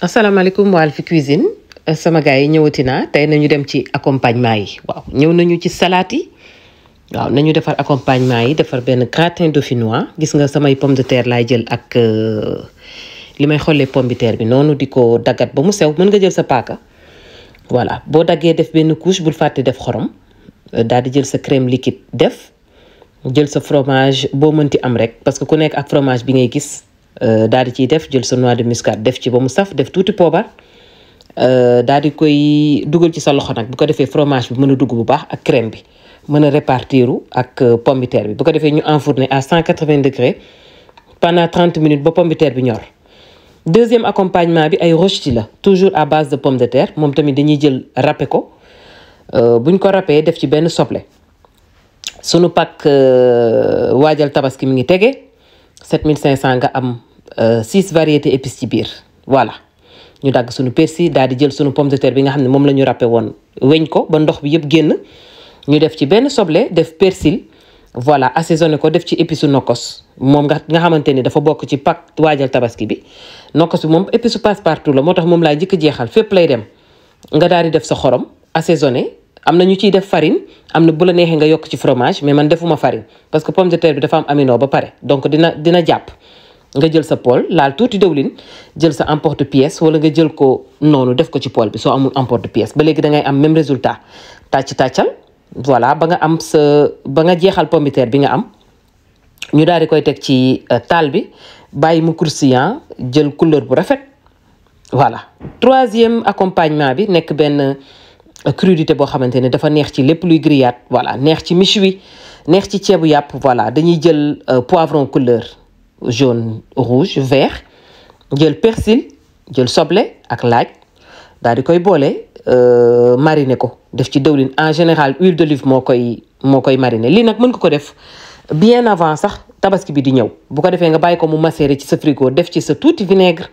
asalaamaaleykum waa Alphie sama gars yi ñëwati naa tey nañu dem ci accompagnement yi waaw ñëw nañu ci salade yi waaw nañu defar accompagnement yi defar benn de dauphinois gis nga samay pomme de terre laay jël ak euh, li may xollee pomme de terre bi noonu di ko daggat ba mu sew mën nga jël sa paaka voilà boo daggee def benn couche bul fàtte def xorom daal di jël sa crème liquide def jël sa fromage boo mënti am rek parce que ku nekk ak fromage bi ngay gis Euh, daal di ciy def jël sa noix de muscade def ci ba mu saf def tuuti poobar euh, daal di koy dugal ci sa loxo nag bu ko defee fromage bi mën a dugg bu baax ak crème bi mën a répartir ak euh, pomme de terre bi bu ko defee ñu enfourner à 180 degrés pendant 30 minutes ba pomme de terre bi ñor. deuxième accompagnement bi ay rösti la toujours à base de pomme de terre moom tamit dañuy jël râpé ko buñ ko râpé def ci benn soble sunu pak waajal tabaski mi ngi tege. 7500 nga am euh, six variété épices ci biir voilà ñu dagg suñu persil daal di jël suñu pomme de terre bi nga xam ne moom la ñu ràppe woon weñ ko ba ndox bi yëpp génn ñu def ci benn soble def persil voilà assaisonné ko def ci épice su nokkos moom nga nga xamante ni dafa bokk ci pak waajal tabaski bi nokkos bi moom épice su passe partout la moo tax moom laa njëkk jeexal fépp lay dem nga daal di def sa xorom assaisonné am na ñu ciy def farine am na bu la neexee nga yokk ci fromage mais man defuma farine parce que pomme de terre bi dafa am amino ba pare donc dina dina jàpp nga jël sa poêle laal tuuti dëwlin jël sa emporte-pièce wala nga jël ko noonu def ko ci poêle bi soo amul emporte-pièce ba léegi da ngay am même résultat tàcc tàccal voilà ba nga am sa ba nga jeexal pomme de terre bi nga am ñu daal di koy teg ci euh, taal bi bàyyi mu croustillant jël couleur bu rafet voilà troisième accompagnement bi nekk benn crudité boo xamante ne dafa neex ci lépp luy grillade voilà neex ci miche wi neex ci ceebu yàpp voilà dañuy jël euh, poivron couleur jaune rouge vert jël persil jël soble ak laaj daal di koy boole euh, mariner ko def ci dëwlin en général huile d'olive moo koy moo koy marine lii nag mën nga ko def bien avant sax tabaski bi di ñëw bu ko defee nga bàyyi ko mu macérer ci sa frigo def ci sa tuuti vinaigre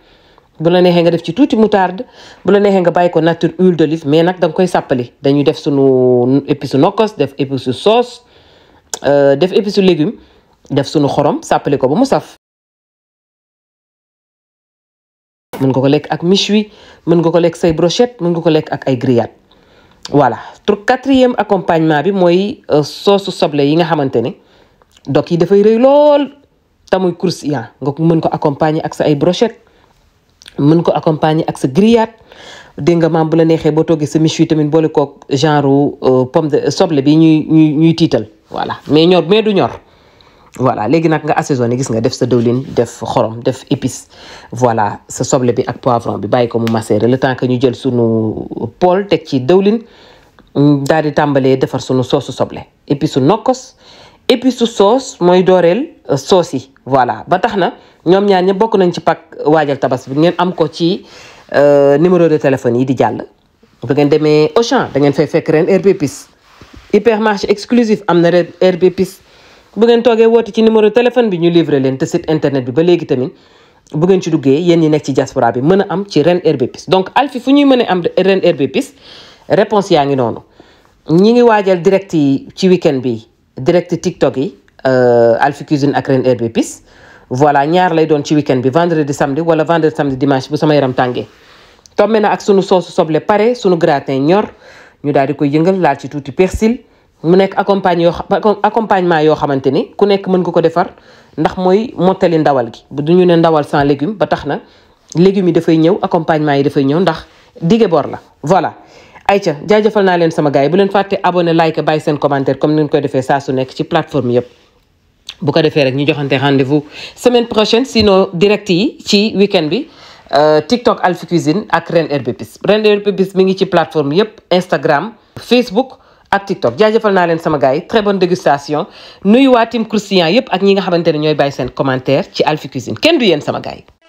bu la neexee nga def ci tuuti moutarde bu la neexee nga bàyyi ko nature huile d'olive mais nag da nga koy sàppali dañuy def sunu épice nokkos def épice sauce euh, def épice légume def sunu xorom sàppali ko ba mu saf. mën nga ko lekk ak méchoui mën nga ko lekk say brochette mën nga ko lekk ak ay grillade voilà pour quatrième accompagnement bi mooy euh, soosu soble yi nga xamante ne dog yi dafay rëy lool tamuy croustillant nga ko mën ko accompagner ak sa ay brochette mën ko accompagner ak sa grillade dégg nga maam bu la neexee boo toggee sa méchoui tamit boole koog genre euh, pomme soble bi ñuy ñuy ñuy tiital voilà mais ñor mais du ñor. voilà léegi nag nga assaisonné gis nga def sa dëwlin def xorom def épice voilà sa soble bi ak poivron bi bàyyi ko mu macérer le temps que ñu jël suñu pool teg ci dëwlin daal di tàmbalee defar sunu soosu soble épice su nokkos épice su soos mooy dooreel euh, soos voilà ba tax na. ñoom ñaar ñëpp bokk nañ ci pack waajal tabaski bi ngeen am ko ci euh, numéro de téléphone yi di jàll. bu ngeen demee Auchan da ngeen fay fekk ren herbe épice hypermarché exclusif am na ren herbe épice bu ngeen toogee woote ci numéro téléphone bi ñu livre leen te site internet bi ba léegi tamit bu ngeen ci duggee yéen ñi nekk ci diaspora bi mën a am ci ren herbe épice donc alfi fu ñuy mën a am ren herbe épice réponse yaa ngi noonu ñi ngi waajal direct yi ci weekend bi direct tiktok yi euh, alfi cuisine ak voilà ñaar lay doon ci weekend bi vendredi samedi wala vendredi samedi dimanche bu sama yaram tàngee tombé na ak sunu soosu soble pare sunu gratin ñor ñu daal di koy yëngal laal ci tuuti persil mu nekk accompagne yoo accompagnement yoo xamante ni ku nekk mën nga ko defar ndax mooy mottali ndawal gi bu du ñu ne ndawal sans légume ba tax na légumes yi dafay ñëw accompagnement yi dafay ñëw ndax dige bor la voilà ayca jaajëfal naa leen sama gars yi bu leen fàtte abonné defee saa su nekk ci plateforme yëpp bu ko defee rek ñu joxante rendez-vous semaine prochaine sinon direct yi ci week-end bi euh, TikTok Alphie Cuisine ak Reine Herbes ren Reine Herbes Épices mi ngi ci plateforme yëpp Instagram Facebook ak TikTok jaajëfal naa leen sama gaay yi très bonne dégustation nuyu waa team croustillant ak ñi nga xamante ne ñooy bàyyi seen commentaire ci Alphie Cuisine kenn du yéen sama gars